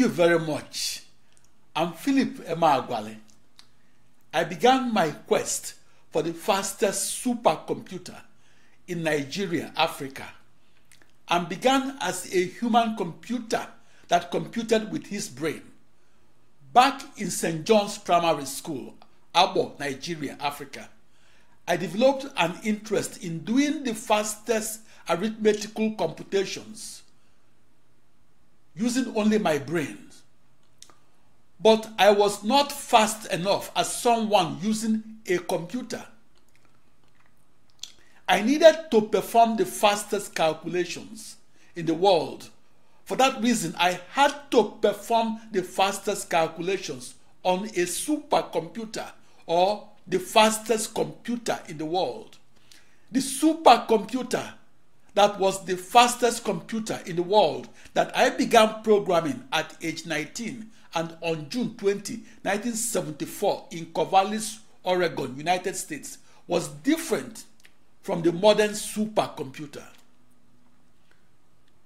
you very much. I'm Philip Emma I began my quest for the fastest supercomputer in Nigeria, Africa, and began as a human computer that computed with his brain back in St. John's Primary School, Abo, Nigeria, Africa. I developed an interest in doing the fastest arithmetical computations using only my brains, But I was not fast enough as someone using a computer. I needed to perform the fastest calculations in the world. For that reason, I had to perform the fastest calculations on a supercomputer or the fastest computer in the world. The supercomputer that was the fastest computer in the world that I began programming at age 19 and on June 20, 1974 in Corvallis, Oregon, United States was different from the modern supercomputer.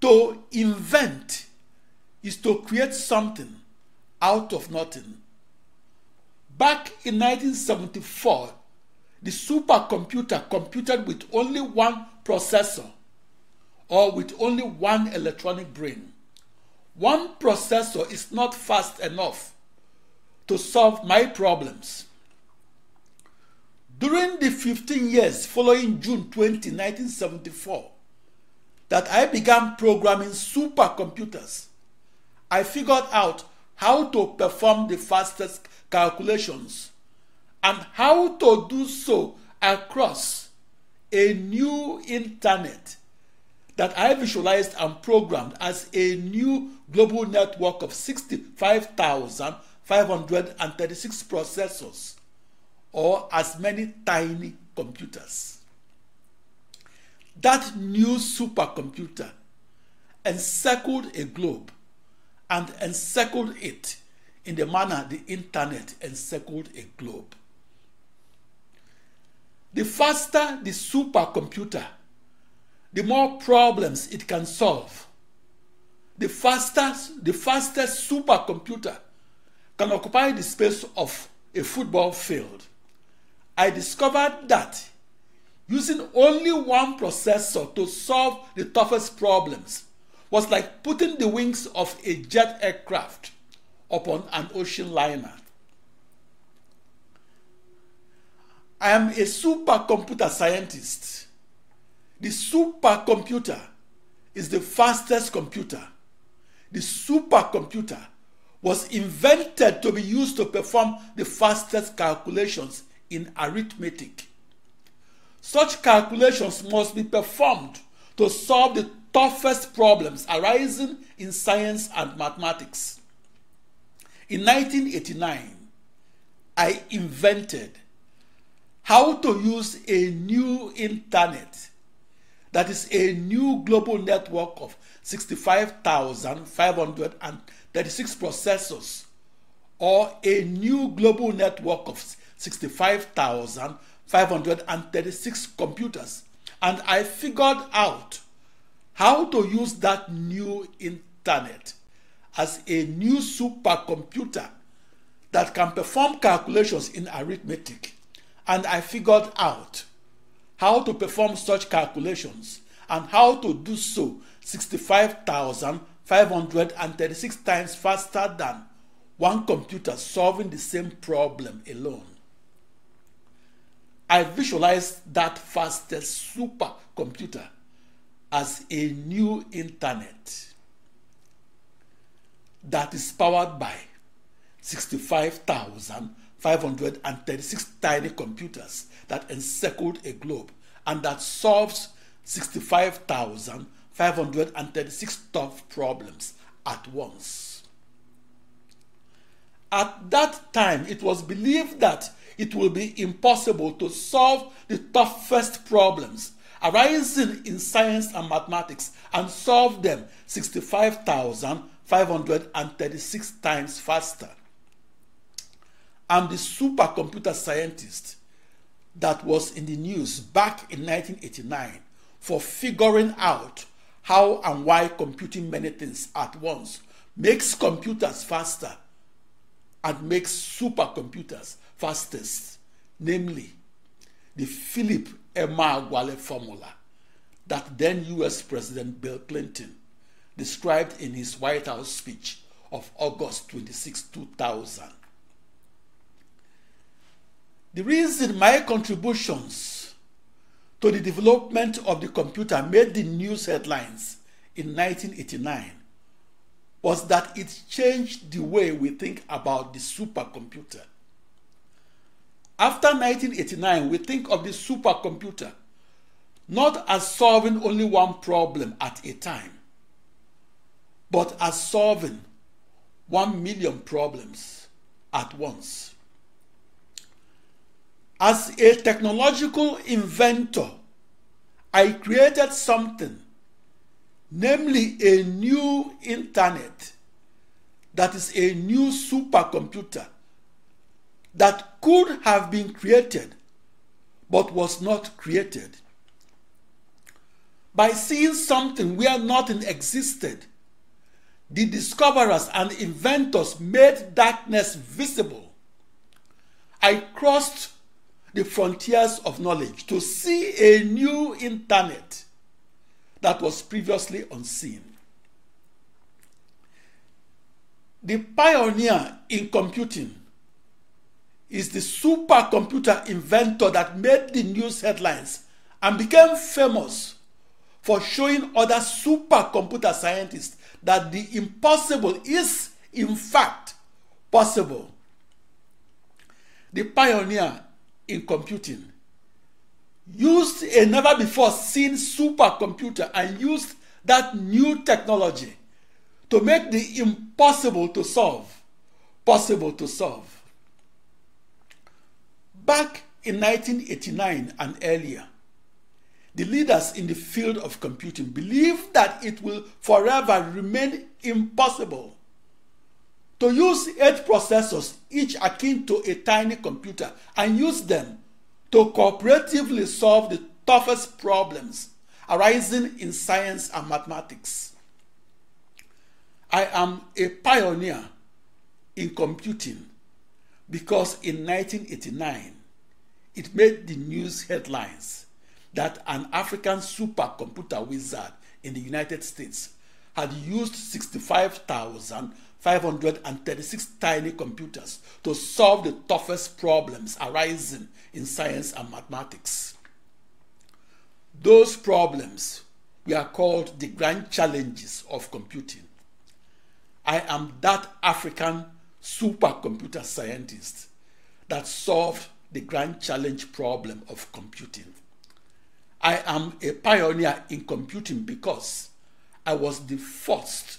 To invent is to create something out of nothing. Back in 1974, the supercomputer computed with only one processor or with only one electronic brain. One processor is not fast enough to solve my problems. During the 15 years following June 20, 1974, that I began programming supercomputers, I figured out how to perform the fastest calculations and how to do so across a new internet that I visualized and programmed as a new global network of 65,536 processors or as many tiny computers. That new supercomputer encircled a globe and encircled it in the manner the internet encircled a globe. The faster the supercomputer the more problems it can solve. The faster, the fastest supercomputer can occupy the space of a football field. I discovered that using only one processor to solve the toughest problems was like putting the wings of a jet aircraft upon an ocean liner. I am a supercomputer scientist The supercomputer is the fastest computer. The supercomputer was invented to be used to perform the fastest calculations in arithmetic. Such calculations must be performed to solve the toughest problems arising in science and mathematics. In 1989, I invented how to use a new internet that is a new global network of 65,536 processors or a new global network of 65,536 computers and I figured out how to use that new internet as a new supercomputer that can perform calculations in arithmetic and I figured out how to perform such calculations and how to do so sixty-five five thousand hundred and thirty-six times faster than one computer solving the same problem alone. I visualized that fastest supercomputer as a new internet that is powered by sixty-five thousand. 536 tiny computers that encircled a globe and that solved 65,536 tough problems at once. At that time, it was believed that it will be impossible to solve the toughest problems arising in science and mathematics and solve them 65,536 times faster I'm the supercomputer scientist that was in the news back in 1989 for figuring out how and why computing many things at once makes computers faster and makes supercomputers fastest, namely the Philip Emeagwali formula that then US President Bill Clinton described in his White House speech of August 26, 2000. The reason my contributions to the development of the computer made the news headlines in 1989 was that it changed the way we think about the supercomputer. After 1989, we think of the supercomputer not as solving only one problem at a time, but as solving one million problems at once. As a technological inventor, I created something, namely a new internet that is a new supercomputer that could have been created but was not created. By seeing something where nothing existed, the discoverers and inventors made darkness visible. I crossed the frontiers of knowledge to see a new internet that was previously unseen. The pioneer in computing is the supercomputer inventor that made the news headlines and became famous for showing other supercomputer scientists that the impossible is in fact possible. The pioneer in computing used a never before seen supercomputer and used that new technology to make the impossible to solve possible to solve. Back in 1989 and earlier, the leaders in the field of computing believed that it will forever remain impossible to use eight processors each akin to a tiny computer and use them to cooperatively solve the toughest problems arising in science and mathematics. I am a pioneer in computing because in 1989 it made the news headlines that an African supercomputer wizard in the United States had used 65,000 536 tiny computers to solve the toughest problems arising in science and mathematics. Those problems we are called the grand challenges of computing. I am that African supercomputer scientist that solved the grand challenge problem of computing. I am a pioneer in computing because I was the first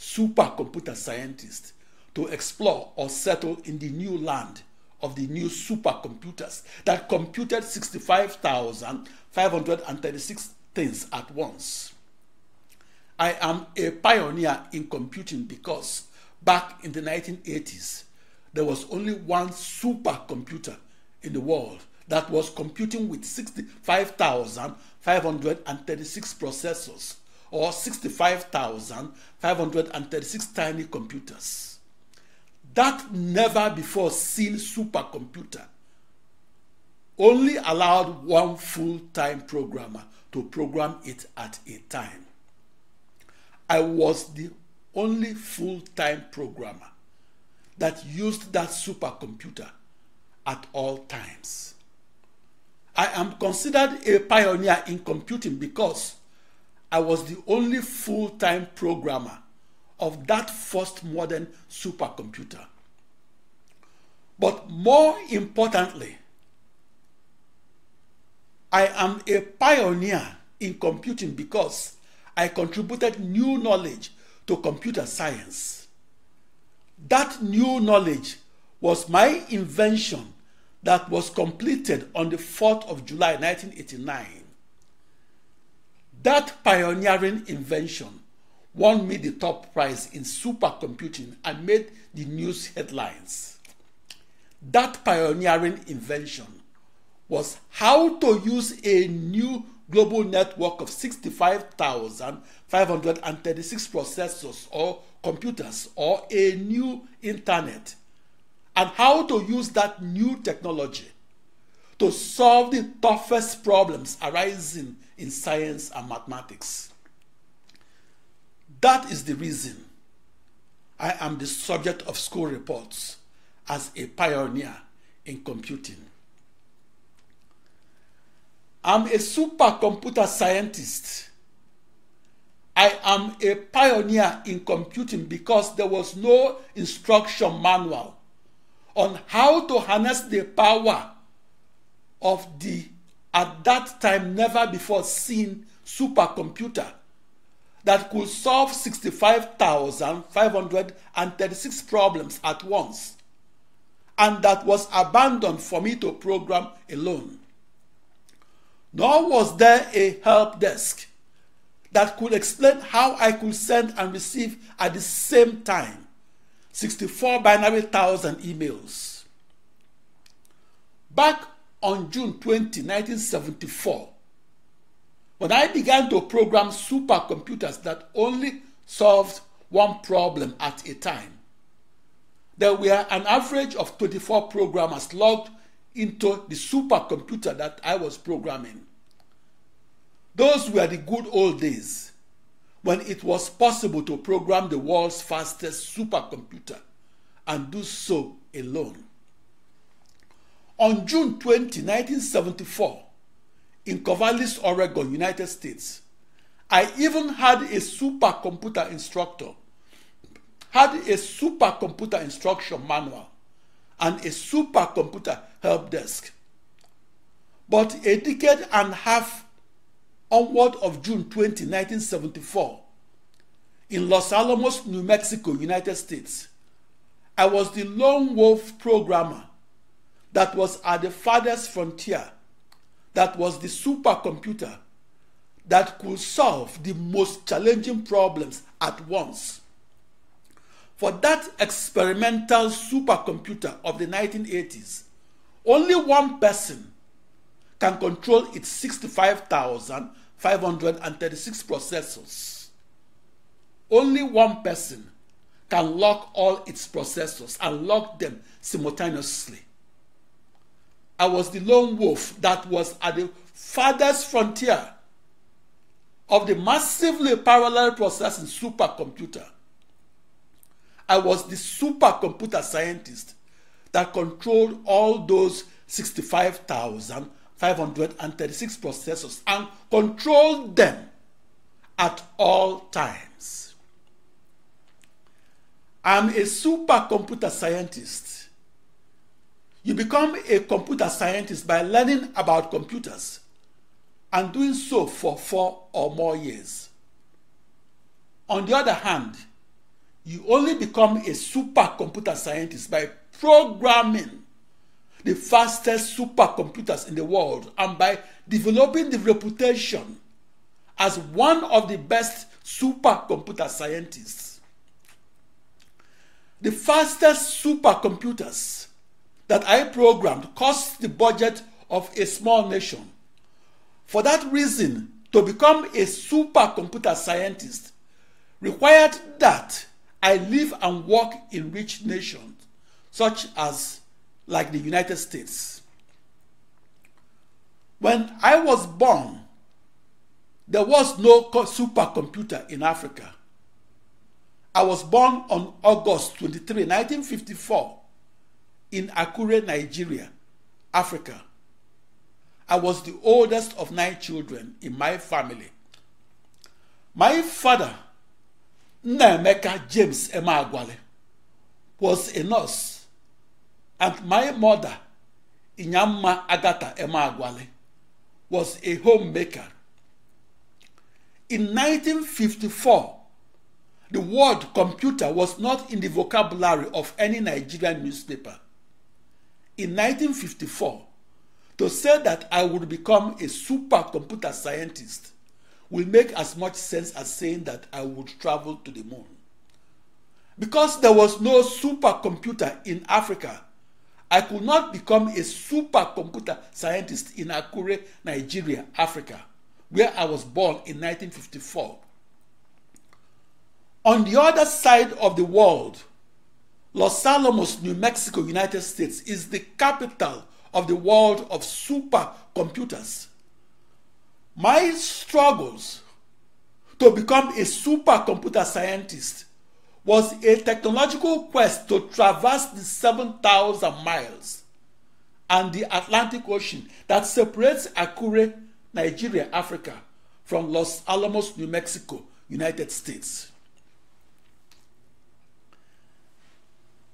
supercomputer scientists to explore or settle in the new land of the new supercomputers that computed 65,536 things at once. I am a pioneer in computing because back in the 1980s, there was only one supercomputer in the world that was computing with 65,536 processors or 65,536 tiny computers. That never before seen supercomputer only allowed one full time programmer to program it at a time. I was the only full time programmer that used that supercomputer at all times. I am considered a pioneer in computing because I was the only full time programmer of that first modern supercomputer. But more importantly, I am a pioneer in computing because I contributed new knowledge to computer science. That new knowledge was my invention that was completed on the 4th of July 1989 That pioneering invention won me the top prize in supercomputing and made the news headlines. That pioneering invention was how to use a new global network of 65,536 processors or computers or a new internet and how to use that new technology to solve the toughest problems arising in science and mathematics. That is the reason I am the subject of school reports as a pioneer in computing. I'm a supercomputer scientist. I am a pioneer in computing because there was no instruction manual on how to harness the power of the at that time never before seen supercomputer that could solve 65,536 problems at once and that was abandoned for me to program alone. Nor was there a help desk that could explain how I could send and receive at the same time 64 binary thousand emails. Back on June 20, 1974, when I began to program supercomputers that only solved one problem at a time. There were an average of 24 programmers logged into the supercomputer that I was programming. Those were the good old days when it was possible to program the world's fastest supercomputer and do so alone. On June 20, 1974, in Corvallis, Oregon, United States, I even had a supercomputer instructor, had a supercomputer instruction manual, and a supercomputer help desk. But a decade and a half onward of June 20, 1974, in Los Alamos, New Mexico, United States, I was the lone wolf programmer that was at the farthest frontier, that was the supercomputer that could solve the most challenging problems at once. For that experimental supercomputer of the 1980s, only one person can control its 65,536 processors. Only one person can lock all its processors and lock them simultaneously. I was the lone wolf that was at the farthest frontier of the massively parallel processing supercomputer. I was the supercomputer scientist that controlled all those 65,536 processors and controlled them at all times. I'm a supercomputer scientist You become a computer scientist by learning about computers and doing so for four or more years. On the other hand, you only become a supercomputer scientist by programming the fastest supercomputers in the world and by developing the reputation as one of the best supercomputer scientists. The fastest supercomputers that I programmed costs the budget of a small nation. For that reason, to become a supercomputer scientist required that I live and work in rich nations such as like the United States. When I was born, there was no supercomputer in Africa. I was born on August 23, 1954 in Akure, Nigeria, Africa. I was the oldest of nine children in my family. My father, Nnaemeka James Emagwale, was a nurse, and my mother, Inyama Agata Emagwale, was a homemaker. In 1954, the word computer was not in the vocabulary of any Nigerian newspaper. in 1954 to say that I would become a supercomputer scientist will make as much sense as saying that I would travel to the moon. Because there was no supercomputer in Africa, I could not become a supercomputer scientist in Akure, Nigeria, Africa, where I was born in 1954. On the other side of the world, Los Alamos, New Mexico, United States is the capital of the world of supercomputers. My struggles to become a supercomputer scientist was a technological quest to traverse the 7,000 miles and the Atlantic Ocean that separates Akure, Nigeria, Africa from Los Alamos, New Mexico, United States.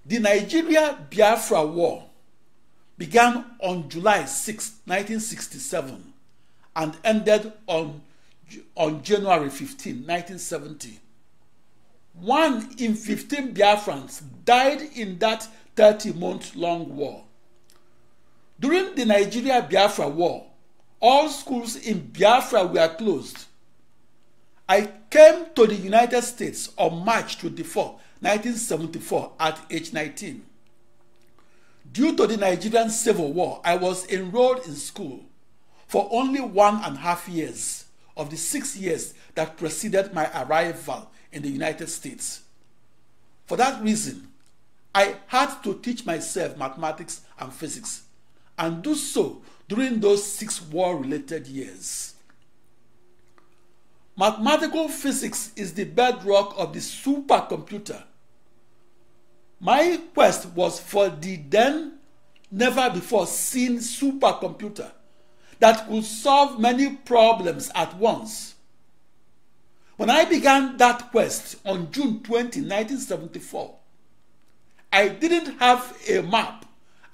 The Nigeria Biafra War began on July 6, 1967, and ended on, on January 15, 1970. One in 15 Biafrans died in that 30 month long war. During the Nigeria Biafra War, all schools in Biafra were closed. I came to the United States on March 24, 1974 at age 19. Due to the Nigerian Civil War, I was enrolled in school for only one and a half years of the six years that preceded my arrival in the United States. For that reason, I had to teach myself mathematics and physics and do so during those six war-related years. Mathematical physics is the bedrock of the supercomputer. My quest was for the then never before seen supercomputer that could solve many problems at once. When I began that quest on June 20, 1974, I didn't have a map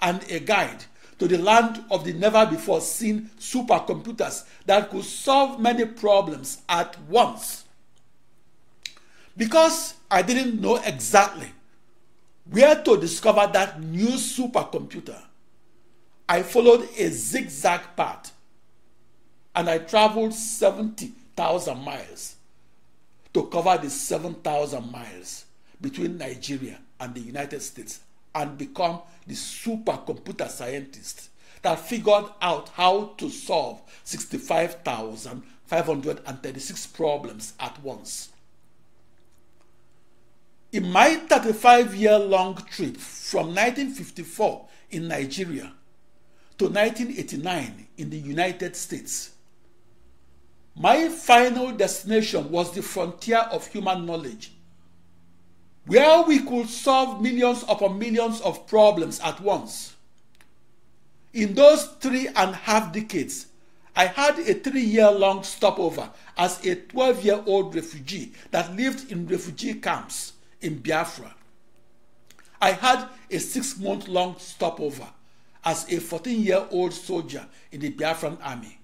and a guide to the land of the never before seen supercomputers that could solve many problems at once. Because I didn't know exactly where to discover that new supercomputer, I followed a zigzag path and I traveled 70,000 miles to cover the 7,000 miles between Nigeria and the United States and become the supercomputer scientist that figured out how to solve 65,536 problems at once. In my 35 year long trip from 1954 in Nigeria to 1989 in the United States, my final destination was the frontier of human knowledge where we could solve millions upon millions of problems at once. In those three and a half decades, I had a three-year-long stopover as a 12-year-old refugee that lived in refugee camps in Biafra. I had a six-month-long stopover as a 14-year-old soldier in the Biafran army.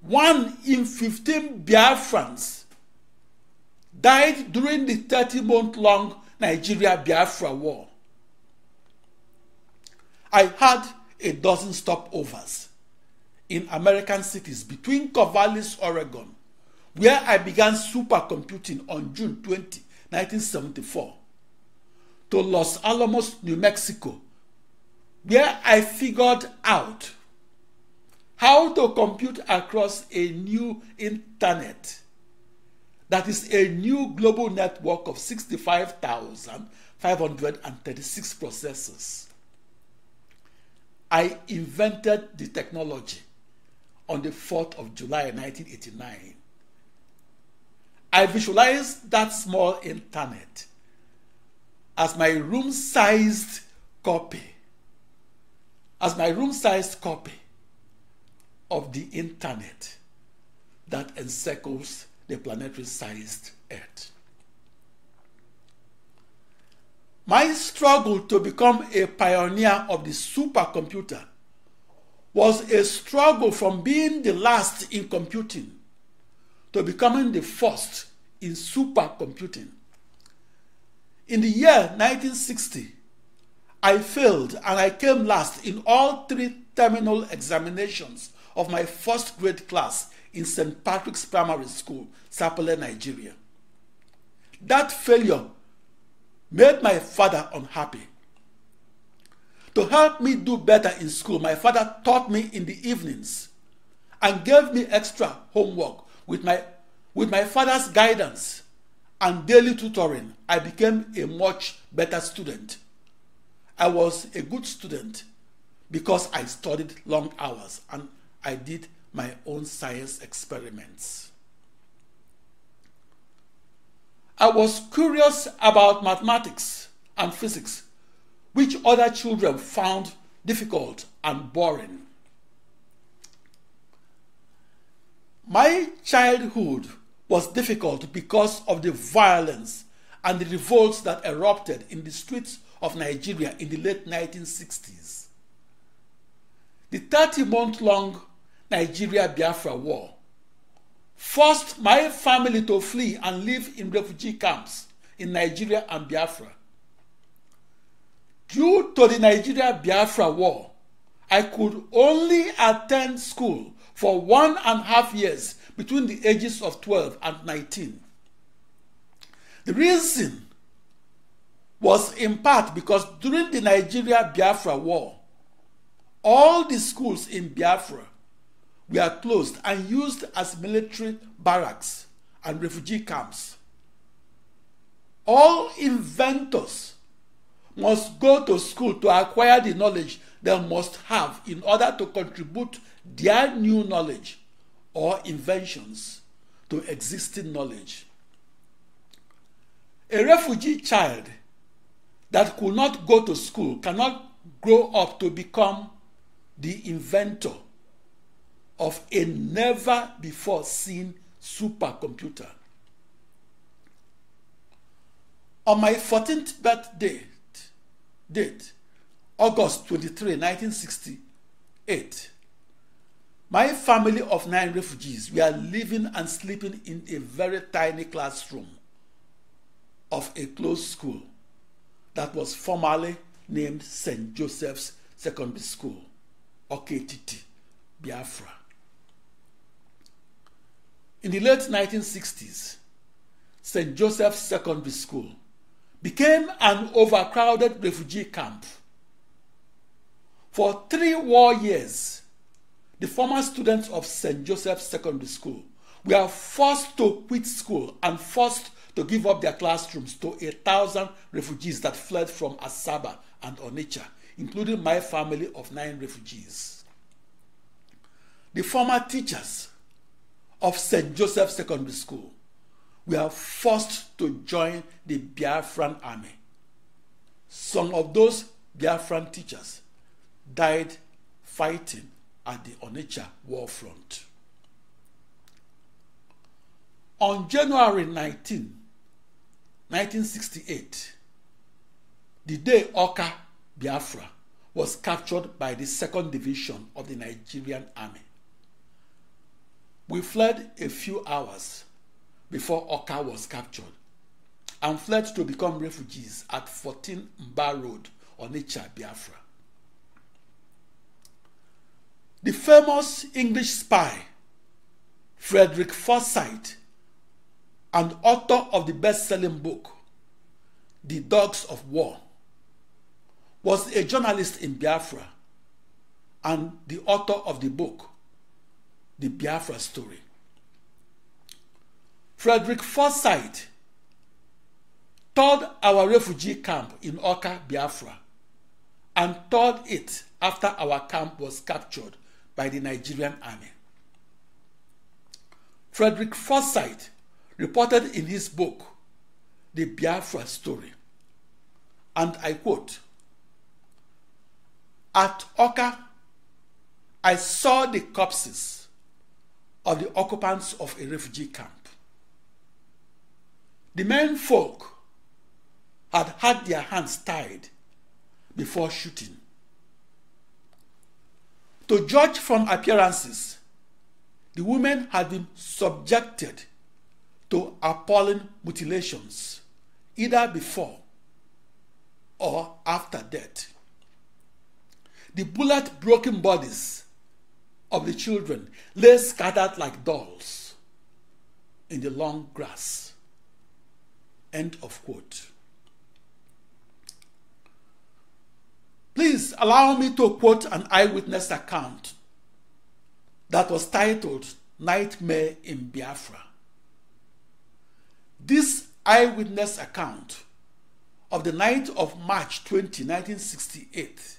One in 15 Biafrans died during the 30 month long Nigeria Biafra war. I had a dozen stopovers in American cities between Corvallis, Oregon, where I began supercomputing on June 20, 1974, to Los Alamos, New Mexico, where I figured out how to compute across a new internet That is a new global network of 65,536 processors. I invented the technology on the 4th of July 1989. I visualized that small internet as my room-sized copy as my room-sized copy of the internet that encircles the planetary sized Earth. My struggle to become a pioneer of the supercomputer was a struggle from being the last in computing to becoming the first in supercomputing. In the year 1960, I failed and I came last in all three terminal examinations of my first grade class in St. Patrick's Primary School, Sapele, Nigeria. That failure made my father unhappy. To help me do better in school, my father taught me in the evenings and gave me extra homework with my, with my father's guidance and daily tutoring, I became a much better student. I was a good student because I studied long hours and I did my own science experiments. I was curious about mathematics and physics, which other children found difficult and boring. My childhood was difficult because of the violence and the revolts that erupted in the streets of Nigeria in the late 1960s. The 30 month long Nigeria Biafra war forced my family to flee and live in refugee camps in Nigeria and Biafra. Due to the Nigeria Biafra war, I could only attend school for one and a half years between the ages of twelve and nineteen. The reason was in part because during the Nigeria Biafra war, all the schools in Biafra were closed and used as military barracks and refugee camps. All inventors must go to school to acquire the knowledge they must have in order to contribute their new knowledge or inventions to existing knowledge. A refugee child that could not go to school cannot grow up to become the inventor of a never before seen supercomputer. On my fourteenth birthday, date, August twenty-three, nineteen sixty-eight, my family of nine refugees were living and sleeping in a very tiny classroom of a closed school that was formerly named St. Joseph's Secondary School, OKTT, Biafra. In the late 1960s, St. Joseph's Secondary School became an overcrowded refugee camp. For three war years, the former students of St. Joseph's Secondary School were forced to quit school and forced to give up their classrooms to a thousand refugees that fled from Asaba and Onitsha, including my family of nine refugees. The former teachers of St. Joseph Secondary School were forced to join the Biafran army. Some of those Biafran teachers died fighting at the Onitsha war front. On January 19, 1968, the day Oka Biafra was captured by the 2nd Division of the Nigerian Army. We fled a few hours before Oka was captured and fled to become refugees at 14 Mba Road, Onitsha, Biafra. The famous English spy, Frederick Forsyth, and author of the best-selling book, The Dogs of War, was a journalist in Biafra and the author of the book, the Biafra story. Frederick Forsyth toured our refugee camp in Oka, Biafra, and toured it after our camp was captured by the Nigerian army. Frederick Forsyth reported in his book, The Biafra Story, and I quote, At Oka, I saw the corpses of the occupants of a refugee camp. The men folk had had their hands tied before shooting. To judge from appearances, the women had been subjected to appalling mutilations either before or after death. The bullet broken bodies of the children lay scattered like dolls in the long grass. End of quote. Please allow me to quote an eyewitness account that was titled Nightmare in Biafra. This eyewitness account of the night of March 20, 1968,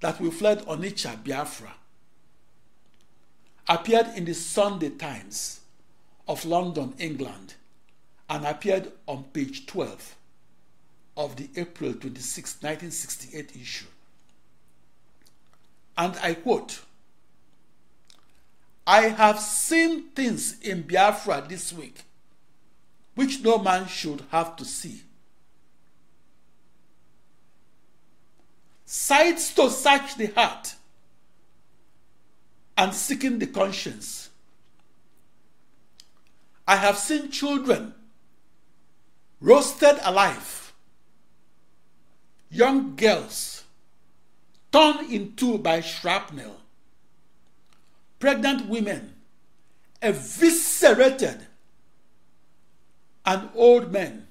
that we fled Onitsha, Biafra, appeared in the Sunday Times of London, England, and appeared on page 12 of the April 26, 1968 issue. And I quote I have seen things in Biafra this week which no man should have to see. Sights to search the heart and seeking the conscience. I have seen children roasted alive, young girls torn in two by shrapnel, pregnant women eviscerated, and old men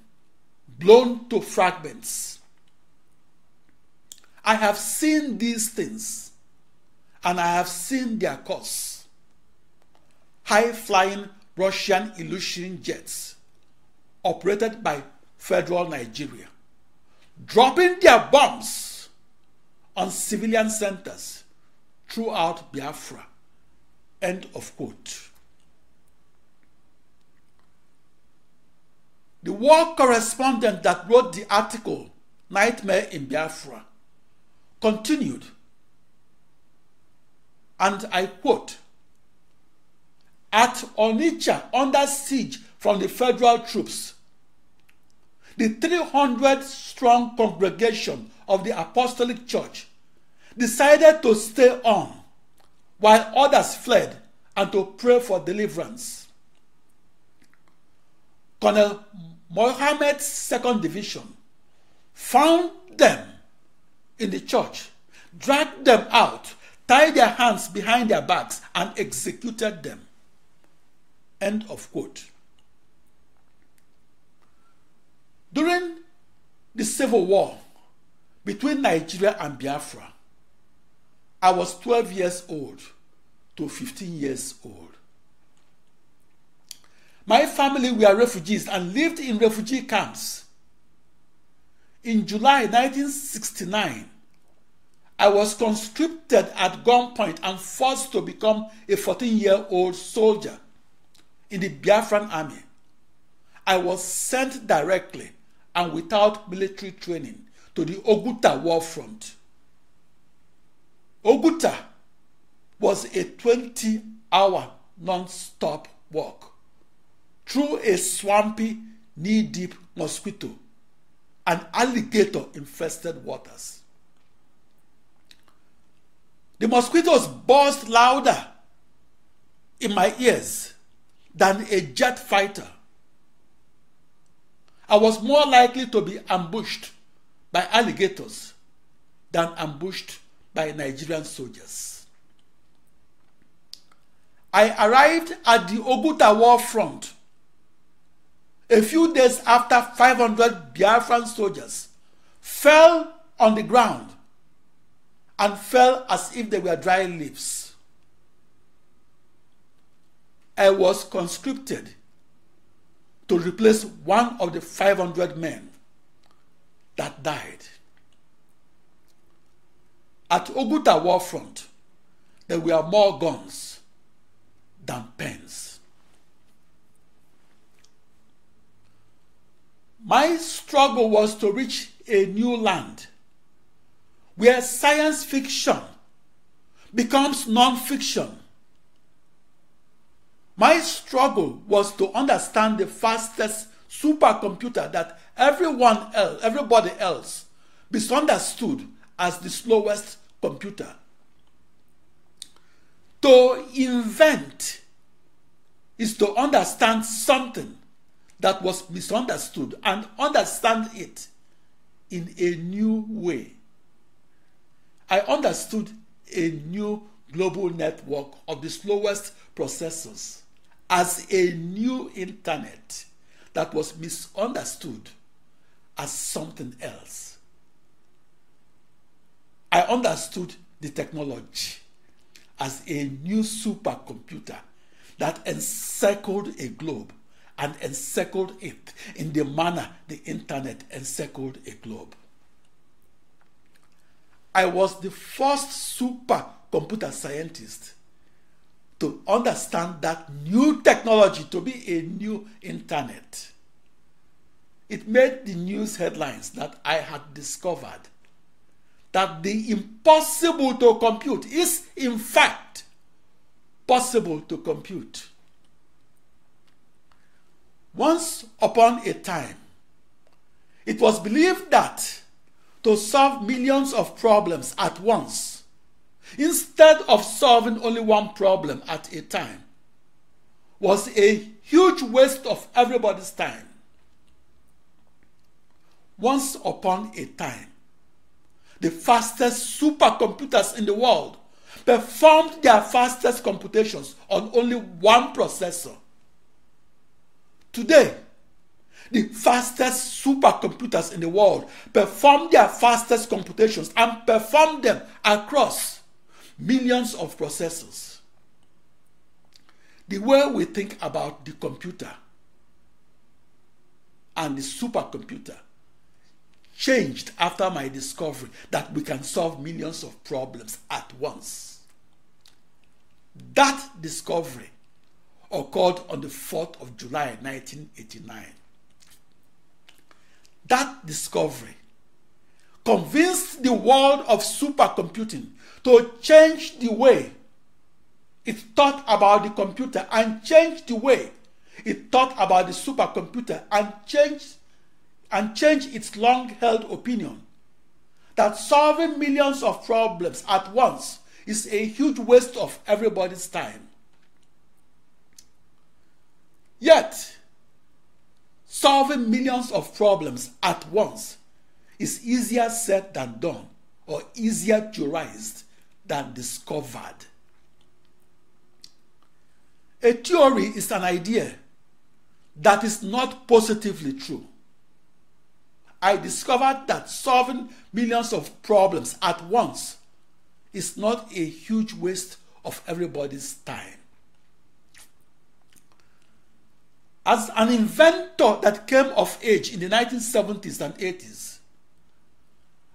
blown to fragments. I have seen these things and I have seen their course. High-flying Russian Illusion jets operated by federal Nigeria, dropping their bombs on civilian centers throughout Biafra. End of quote. The war correspondent that wrote the article Nightmare in Biafra continued and I quote, At Onitsha, under siege from the federal troops, the three hundred strong congregation of the Apostolic Church decided to stay on while others fled and to pray for deliverance. Colonel Mohammed's second division found them in the church, dragged them out, tied their hands behind their backs, and executed them. End of quote. During the civil war between Nigeria and Biafra, I was 12 years old to 15 years old. My family were refugees and lived in refugee camps. In July 1969, I was conscripted at gunpoint and forced to become a 14-year-old soldier in the Biafran army. I was sent directly and without military training to the Oguta war front. Oguta was a 20-hour non-stop walk through a swampy, knee-deep mosquito and alligator-infested waters. The mosquitoes buzzed louder in my ears than a jet fighter. I was more likely to be ambushed by alligators than ambushed by Nigerian soldiers. I arrived at the Oguta war front a few days after 500 Biafran soldiers fell on the ground and fell as if they were dry leaves. I was conscripted to replace one of the 500 men that died. At Oguta War Front, there were more guns than pens. My struggle was to reach a new land where science fiction becomes non-fiction. My struggle was to understand the fastest supercomputer that everyone else, everybody else misunderstood as the slowest computer. To invent is to understand something that was misunderstood and understand it in a new way. I understood a new global network of the slowest processors as a new internet that was misunderstood as something else. I understood the technology as a new supercomputer that encircled a globe and encircled it in the manner the internet encircled a globe. I was the first supercomputer scientist to understand that new technology to be a new internet. It made the news headlines that I had discovered that the impossible to compute is, in fact, possible to compute. Once upon a time, it was believed that to solve millions of problems at once instead of solving only one problem at a time was a huge waste of everybody's time. Once upon a time, the fastest supercomputers in the world performed their fastest computations on only one processor. Today, the fastest supercomputers in the world perform their fastest computations and perform them across millions of processors. The way we think about the computer and the supercomputer changed after my discovery that we can solve millions of problems at once. That discovery occurred on the 4th of July 1989. That discovery convinced the world of supercomputing to change the way it thought about the computer and change the way it thought about the supercomputer and change and change its long-held opinion that solving millions of problems at once is a huge waste of everybody's time. Yet, Solving millions of problems at once is easier said than done or easier theorized than discovered. A theory is an idea that is not positively true. I discovered that solving millions of problems at once is not a huge waste of everybody's time. as an inventor that came of age in the 1970s and 80s,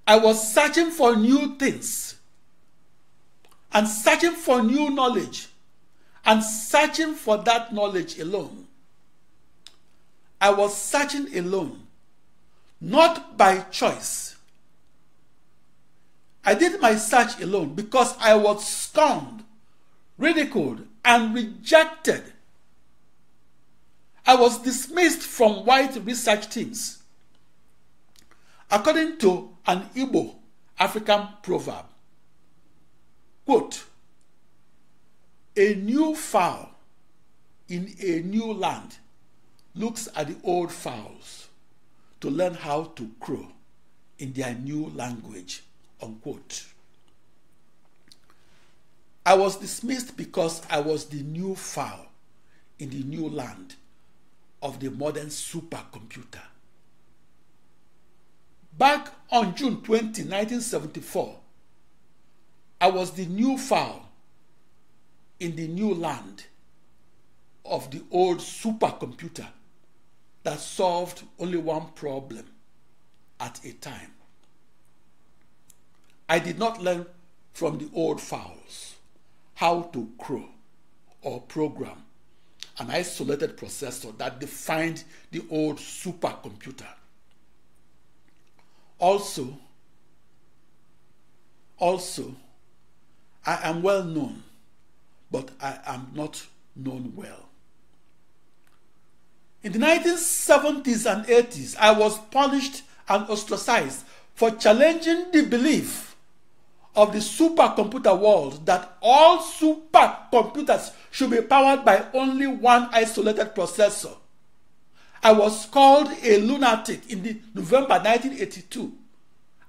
I was searching for new things and searching for new knowledge and searching for that knowledge alone. I was searching alone, not by choice. I did my search alone because I was scorned, ridiculed, and rejected I was dismissed from white research teams, according to an Igbo African proverb. Quote, a new fowl in a new land looks at the old fowls to learn how to crow in their new language. Unquote. I was dismissed because I was the new fowl in the new land of the modern supercomputer. Back on June 20, 1974, I was the new fowl in the new land of the old supercomputer that solved only one problem at a time. I did not learn from the old fowls how to crow or program an isolated processor that defined the old supercomputer. Also, also, I am well known, but I am not known well. In the 1970s and 80s, I was punished and ostracized for challenging the belief of the supercomputer world that all supercomputers should be powered by only one isolated processor. I was called a lunatic in November 1982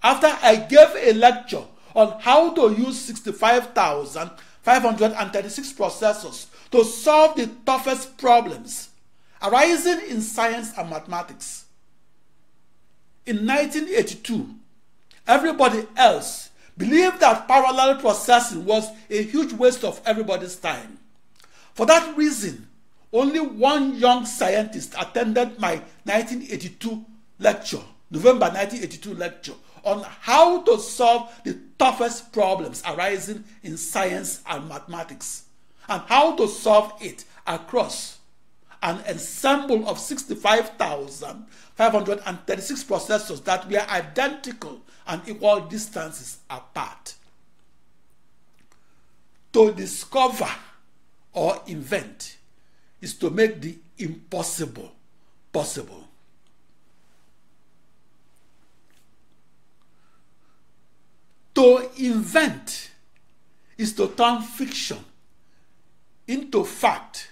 after I gave a lecture on how to use 65,536 processors to solve the toughest problems arising in science and mathematics. In 1982, everybody else believed that parallel processing was a huge waste of everybody's time. For that reason, only one young scientist attended my 1982 lecture, November 1982 lecture, on how to solve the toughest problems arising in science and mathematics, and how to solve it across an ensemble of 65,536 processors that were identical and equal distances apart to discover or invent is to make the impossible possible. To invent is to turn fiction into fact.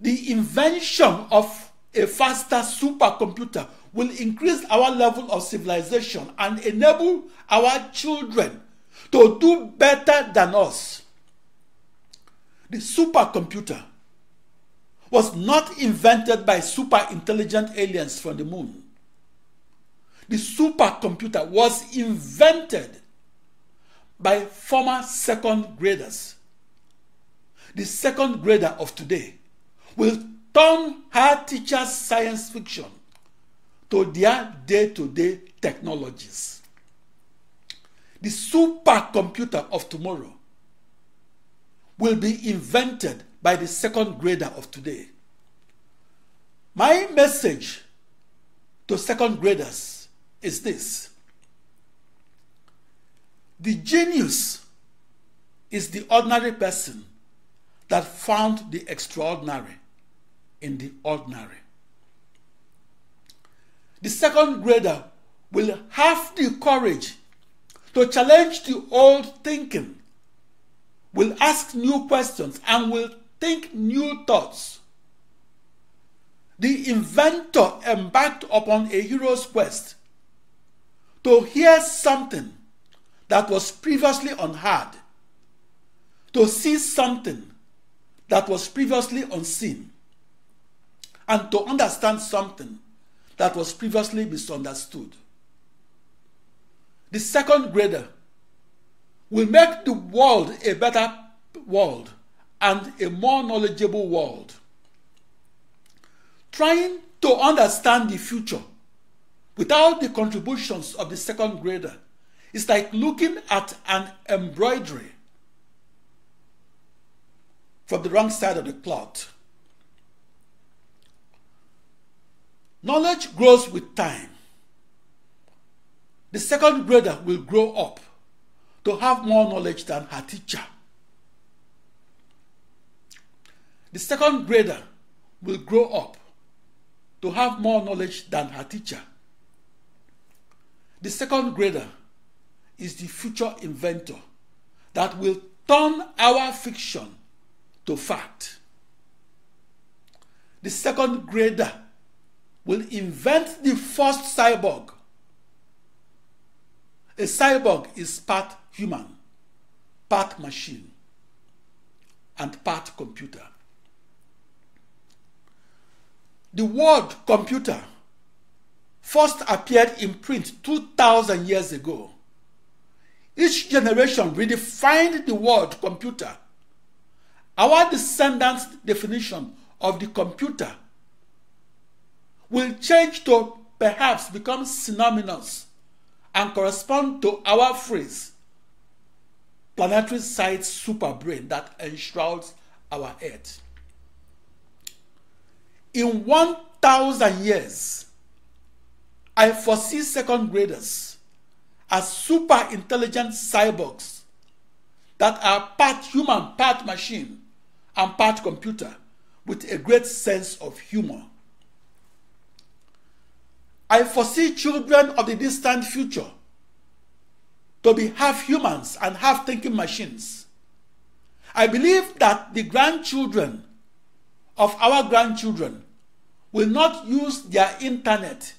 The invention of a faster supercomputer will increase our level of civilization and enable our children to do better than us. The supercomputer was not invented by super intelligent aliens from the moon. The supercomputer was invented by former second graders. The second grader of today will turn her teachers' science fiction to their day-to-day -day technologies. The supercomputer of tomorrow will be invented by the second grader of today. My message to second graders is this. The genius is the ordinary person that found the extraordinary. in the ordinary. The second grader will have the courage to challenge the old thinking, will ask new questions, and will think new thoughts. The inventor embarked upon a hero's quest to hear something that was previously unheard, to see something that was previously unseen, and to understand something that was previously misunderstood. The second grader will make the world a better world and a more knowledgeable world. Trying to understand the future without the contributions of the second grader is like looking at an embroidery from the wrong side of the cloth. Knowledge grows with time. The second grader will grow up to have more knowledge than her teacher. The second grader will grow up to have more knowledge than her teacher. The second grader is the future inventor that will turn our fiction to fact. The second grader will invent the first cyborg. A cyborg is part human, part machine, and part computer. The word computer first appeared in print 2,000 years ago. Each generation redefined the word computer. Our descendants' definition of the computer will change to perhaps become synonymous and correspond to our phrase planetary side superbrain that enshrouds our earth. In one thousand years, I foresee second graders as super intelligent cyborgs that are part human, part machine, and part computer with a great sense of humor I foresee children of the distant future to be half humans and half thinking machines. I believe that the grandchildren of our grandchildren will not use their internet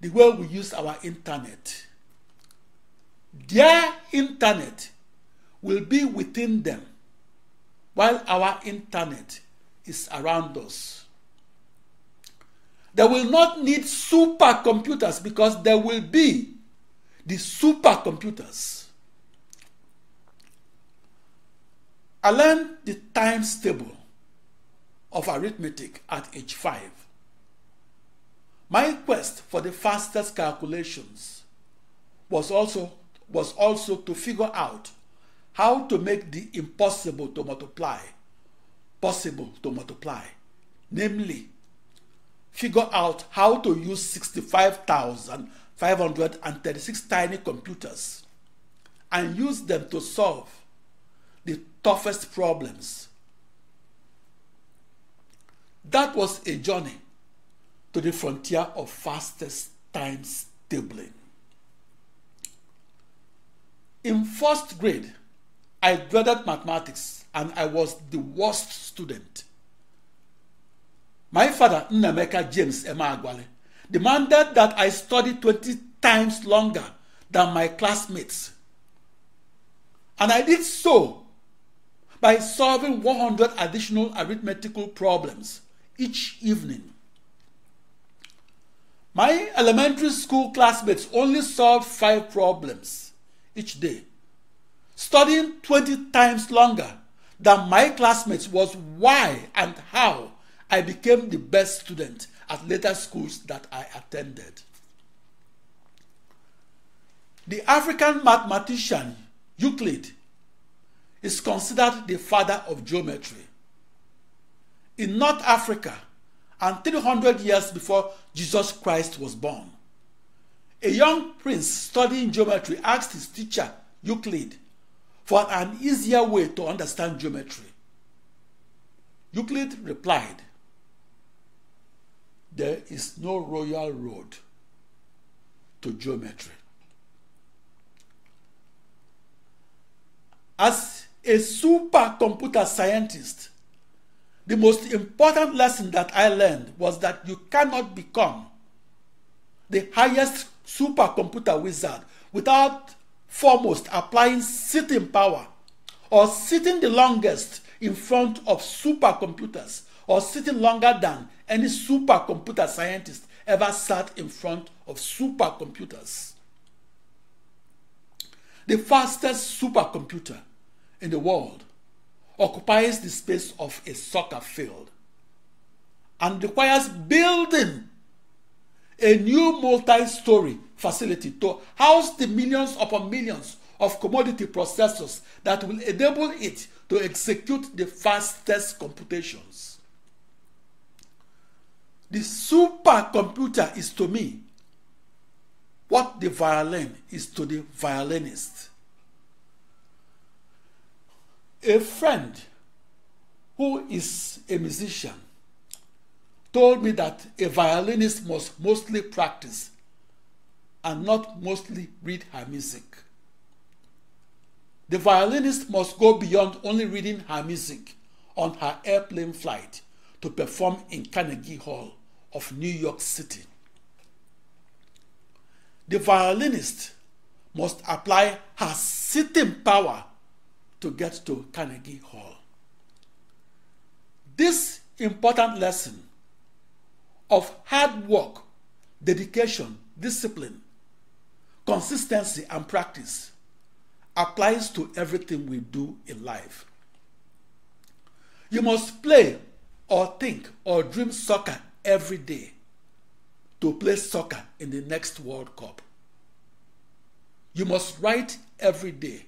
the way we use our internet. Their internet will be within them while our internet is around us. They will not need supercomputers because there will be the supercomputers. I learned the times table of arithmetic at age 5. My quest for the fastest calculations was also, was also to figure out how to make the impossible to multiply possible to multiply, namely figure out how to use 65,536 tiny computers and use them to solve the toughest problems. That was a journey to the frontier of fastest times tabling. In first grade, I dreaded mathematics and I was the worst student. My father, Nnameka James Emagwale, demanded that I study 20 times longer than my classmates. And I did so by solving 100 additional arithmetical problems each evening. My elementary school classmates only solved five problems each day. Studying 20 times longer than my classmates was why and how I became the best student at later schools that I attended. The African mathematician Euclid is considered the father of geometry. In North Africa, and 300 years before Jesus Christ was born, a young prince studying geometry asked his teacher, Euclid, for an easier way to understand geometry. Euclid replied, There is no royal road to geometry. As a supercomputer scientist, the most important lesson that I learned was that you cannot become the highest supercomputer wizard without foremost applying sitting power or sitting the longest in front of supercomputers or sitting longer than any supercomputer scientist ever sat in front of supercomputers. The fastest supercomputer in the world occupies the space of a soccer field and requires building a new multi-story facility to house the millions upon millions of commodity processors that will enable it to execute the fastest computations. The supercomputer is to me what the violin is to the violinist. A friend who is a musician told me that a violinist must mostly practice and not mostly read her music. The violinist must go beyond only reading her music on her airplane flight to perform in Carnegie Hall of New York City. The violinist must apply her sitting power to get to Carnegie Hall. This important lesson of hard work, dedication, discipline, consistency, and practice applies to everything we do in life. You must play or think or dream soccer every day to play soccer in the next World Cup. You must write every day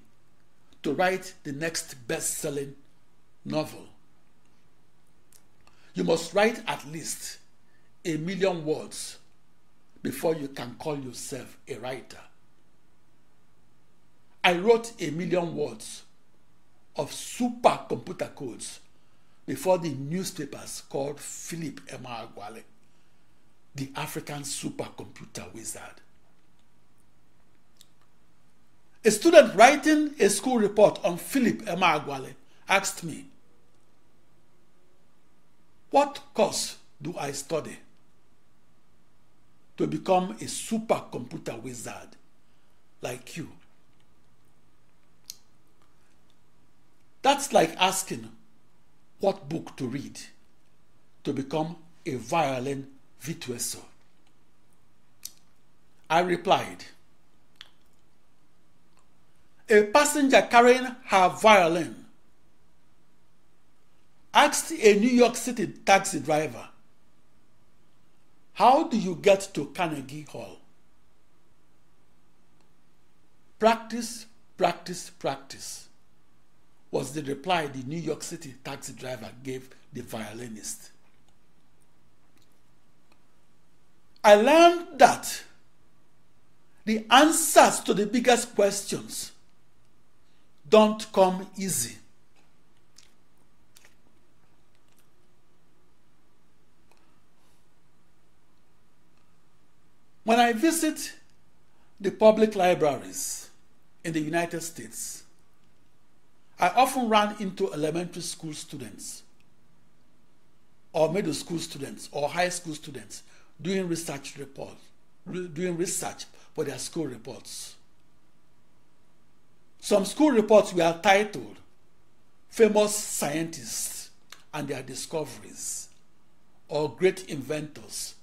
to write the next best selling novel. You must write at least a million words before you can call yourself a writer. I wrote a million words of supercomputer codes before the newspapers called Philip Emeagwali the African supercomputer wizard. A student writing a school report on Philip Emeagwali asked me, What course do I study to become a supercomputer wizard like you? That's like asking, what book to read to become a violin virtuoso. I replied, A passenger carrying her violin asked a New York City taxi driver, How do you get to Carnegie Hall? Practice, practice, practice was the reply the New York City taxi driver gave the violinist. I learned that the answers to the biggest questions don't come easy. When I visit the public libraries in the United States, I often ran into elementary school students or middle school students or high school students doing research report, doing research for their school reports. Some school reports were titled Famous Scientists and Their Discoveries or Great Inventors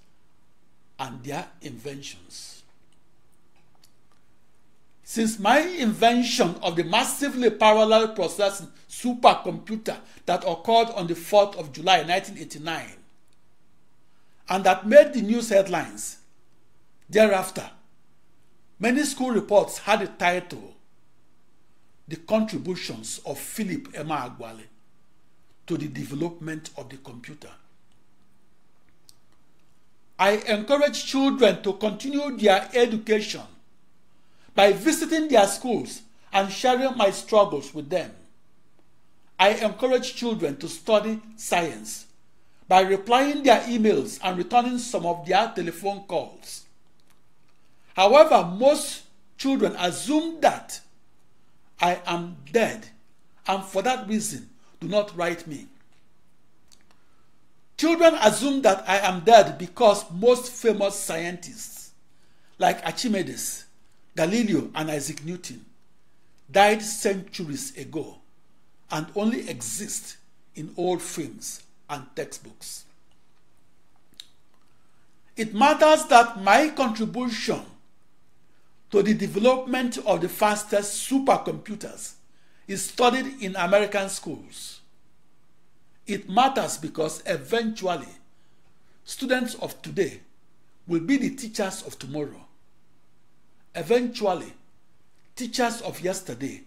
and Their Inventions since my invention of the massively parallel processing supercomputer that occurred on the 4th of July 1989 and that made the news headlines. Thereafter, many school reports had the title The Contributions of Philip Emma Agwale to the Development of the Computer. I encourage children to continue their education by visiting their schools and sharing my struggles with them. I encourage children to study science by replying their emails and returning some of their telephone calls. However, most children assume that I am dead and for that reason do not write me. Children assume that I am dead because most famous scientists like Archimedes Galileo and Isaac Newton died centuries ago and only exist in old films and textbooks. It matters that my contribution to the development of the fastest supercomputers is studied in American schools. It matters because eventually students of today will be the teachers of tomorrow Eventually, teachers of yesterday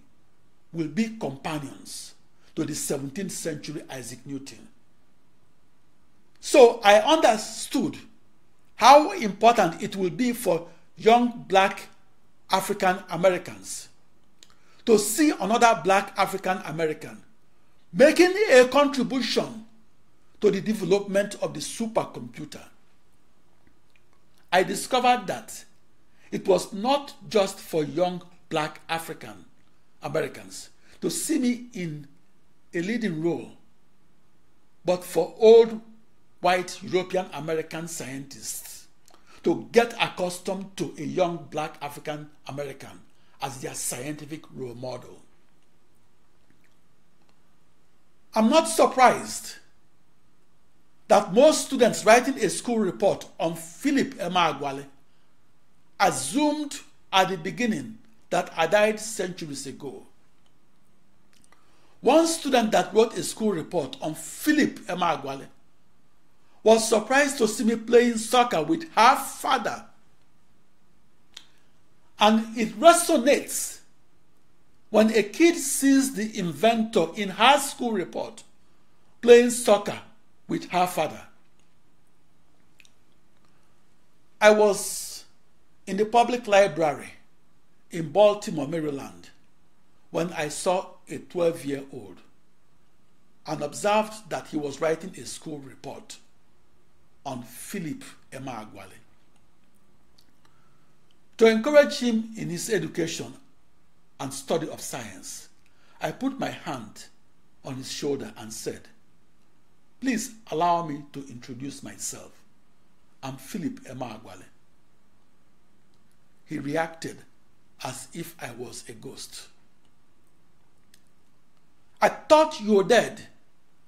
will be companions to the 17th century Isaac Newton. So I understood how important it will be for young black African Americans to see another black African American making a contribution to the development of the supercomputer. I discovered that It was not just for young black African Americans to see me in a leading role, but for old white European American scientists to get accustomed to a young black African American as their scientific role model. I'm not surprised that most students writing a school report on Philip Emeagwali assumed at the beginning that I died centuries ago. One student that wrote a school report on Philip Emeagwali was surprised to see me playing soccer with her father. And it resonates when a kid sees the inventor in her school report playing soccer with her father. I was in the public library in Baltimore, Maryland, when I saw a 12 year old and observed that he was writing a school report on Philip Emeagwali. To encourage him in his education and study of science, I put my hand on his shoulder and said, Please allow me to introduce myself. I'm Philip Emeagwali he reacted as if I was a ghost. I thought you were dead,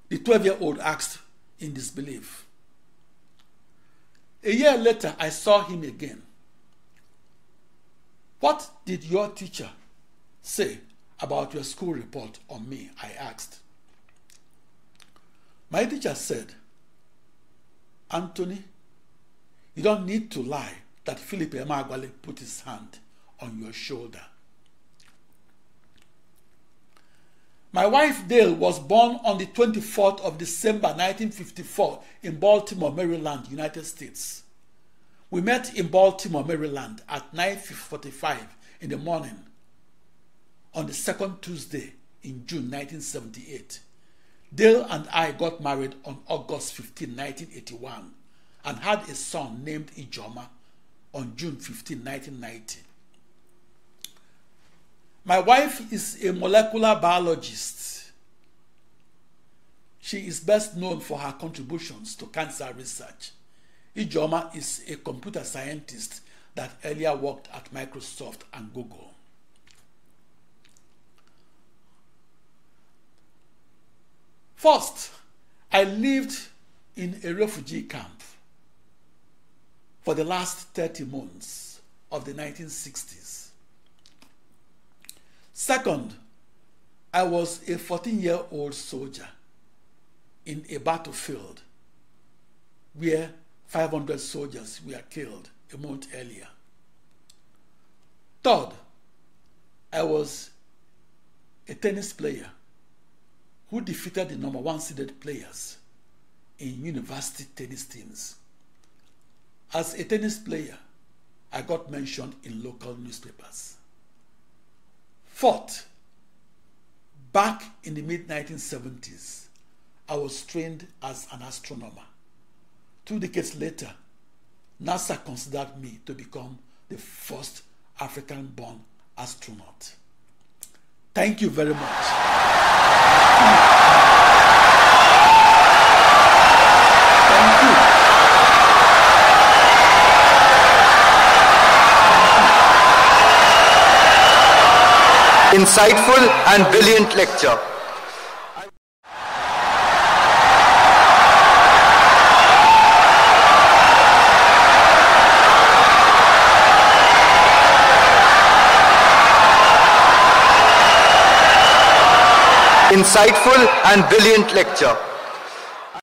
the 12 year old asked in disbelief. A year later, I saw him again. What did your teacher say about your school report on me? I asked. My teacher said, Anthony, you don't need to lie that Philip Emeagwali put his hand on your shoulder. My wife Dale was born on the 24th of December 1954 in Baltimore, Maryland, United States. We met in Baltimore, Maryland at 9:45 in the morning on the second Tuesday in June 1978. Dale and I got married on August 15, 1981 and had a son named Ijoma on June 15, 1990. My wife is a molecular biologist. She is best known for her contributions to cancer research. Ijoma is a computer scientist that earlier worked at Microsoft and Google. First, I lived in a refugee camp. for the last 30 months of the 1960s. Second, I was a 14 year old soldier in a battlefield where 500 soldiers were killed a month earlier. Third, I was a tennis player who defeated the number one seeded players in university tennis teams As a tennis player, I got mentioned in local newspapers. Fourth, back in the mid 1970s, I was trained as an astronomer. Two decades later, NASA considered me to become the first African born astronaut. Thank you very much. Thank you. insightful and brilliant lecture. insightful and brilliant lecture.